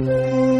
嗯。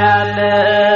على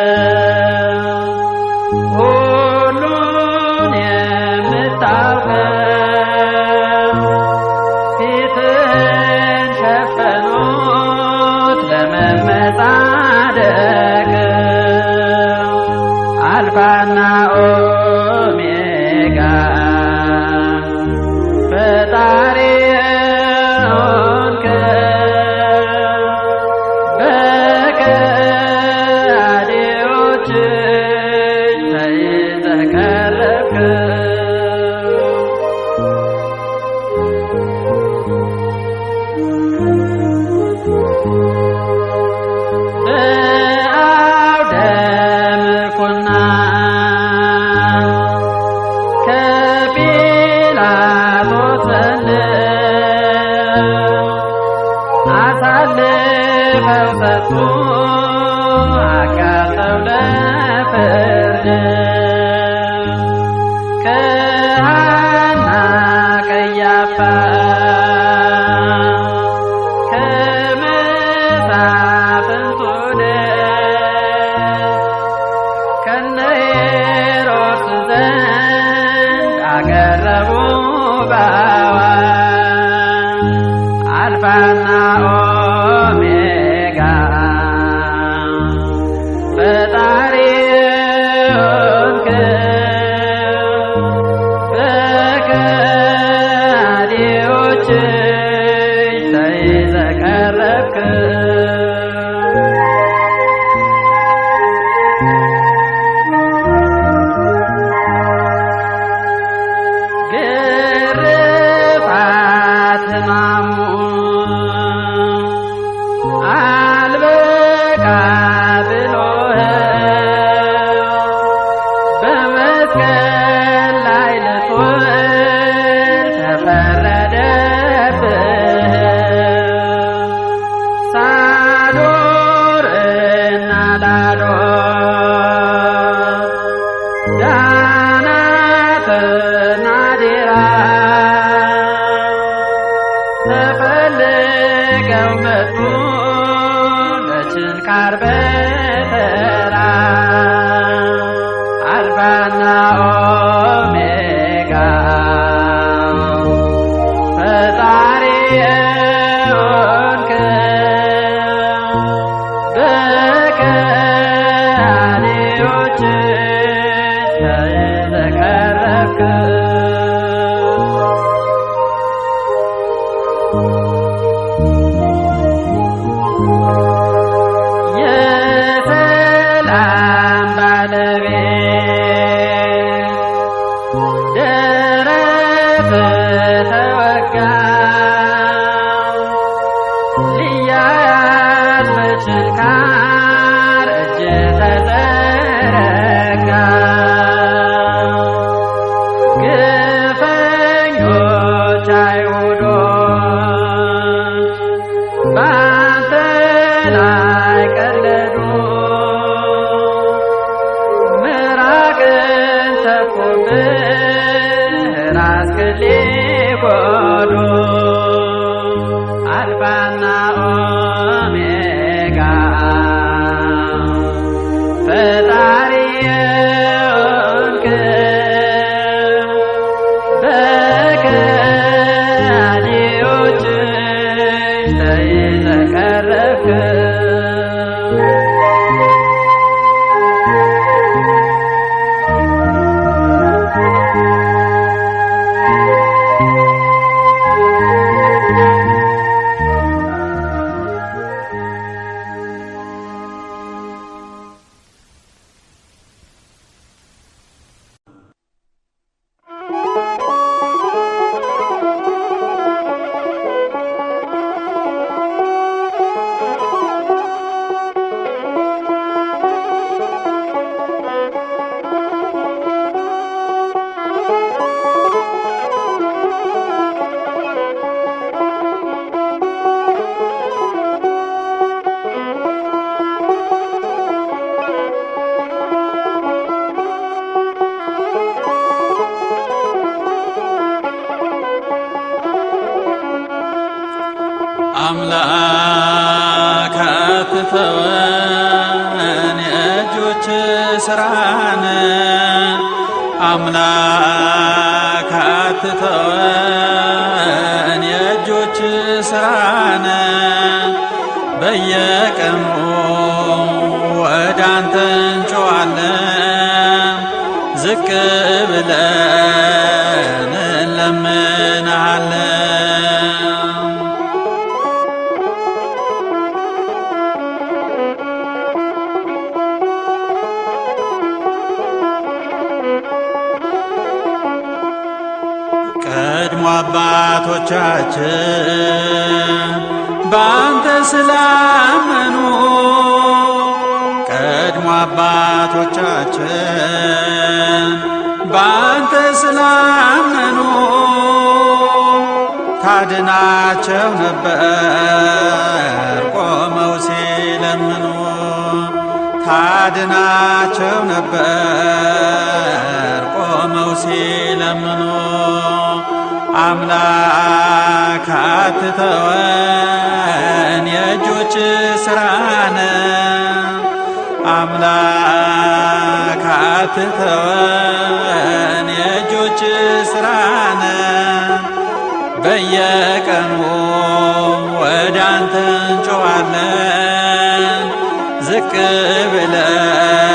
መጡ ለችንካር በተራ አምላክ አትተወን፣ የእጆች ስራን አምላክ አትተወን፣ የእጆች ስራን በየቀኑ ወዳንተ እንጮዋለን ዝቅ ብለን አባቶቻችን በአንተ ስላመኑ ቀድሞ አባቶቻችን በአንተ ስላመኑ ታድናቸው ነበር ቆመው ሲለምኑ ታድናቸው ነበር ቆመው ሲለምኑ አምላክ አትተወን የእጆች ስራነ አምላክ አትተወን የእጆች ስራነ በየቀኑ ወደ አንተ እንጮዋለን ዝቅ ብለን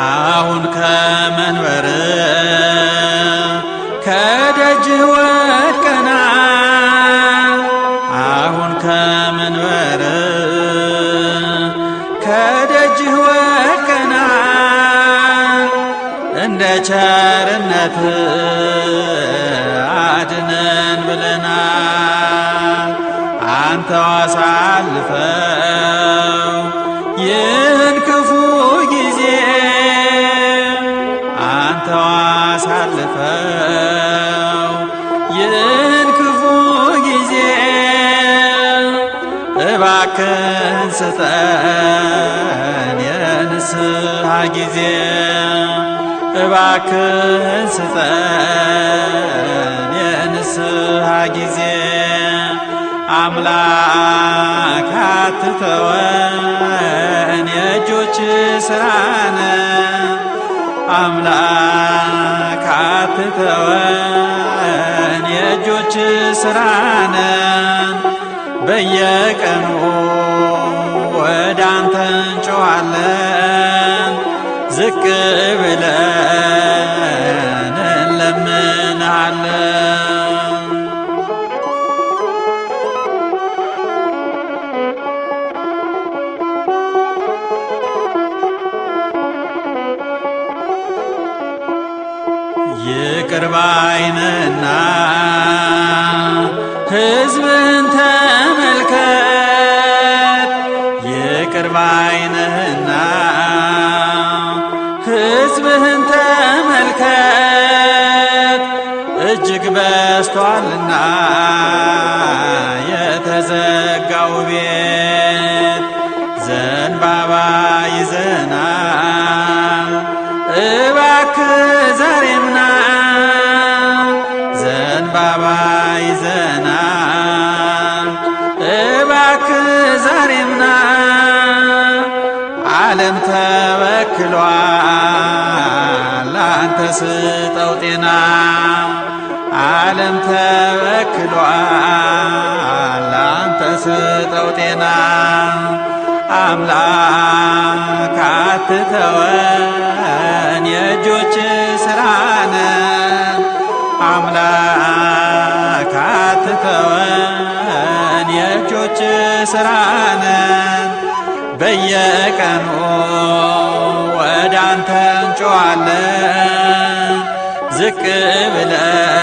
አሁን ከመንበር ከደጅ ወድቀናል። አሁን ከመንበር ከደጅ ወድቀናል። እንደ ቸርነት አድነን ብለናል አንተ አሳልፈ ሰጥተው አሳልፈው ይህን ክፉ ጊዜ እባክን ስጠን የንስሐ ጊዜ እባክን ስጠን የንስሐ ጊዜ አምላክ አትተወን የእጆች ስራነ አምላክ አትተወን፣ የእጆች ስራነን በየቀኑ ወደ አንተ እንጮዋለን፣ ዝቅ ብለን እንለምንሃለን። ባይነና ሕዝብን ተመልከት ይቅር ባይነና ሕዝብህን ተመልከት እጅግ በስቷልና የተዘጋው ቤት ስጠው ጤና ዓለም ተበክሏል ላንተ ስጠው ጤና አምላክ አትተወን የእጆች ስራነ አምላክ አትተወን የእጆች ስራነ በየቀኑ ወደ አንተ እንጮዋለን ዝቅ ብለን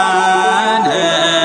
And.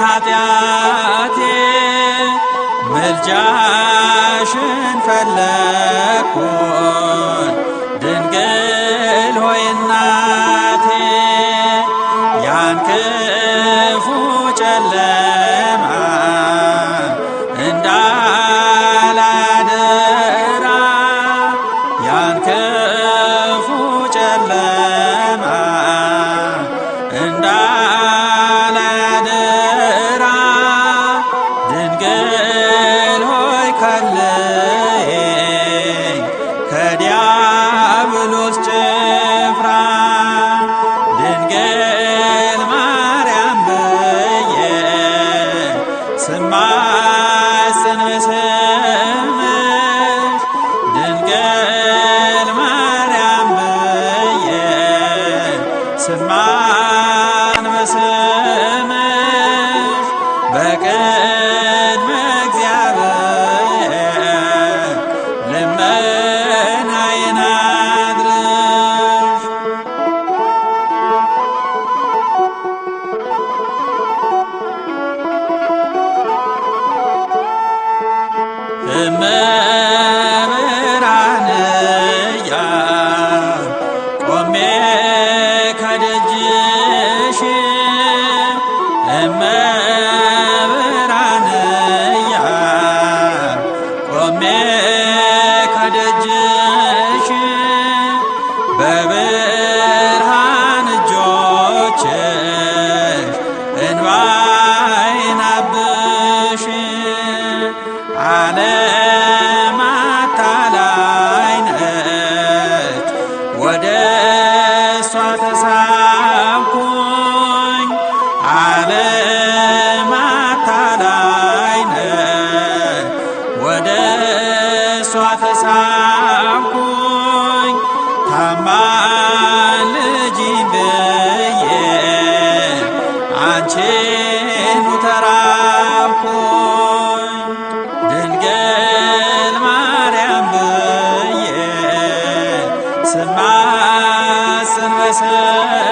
ኃጢአቴ ምልጃሽን ፈለግ Amen. ሰማ ሰንበሰ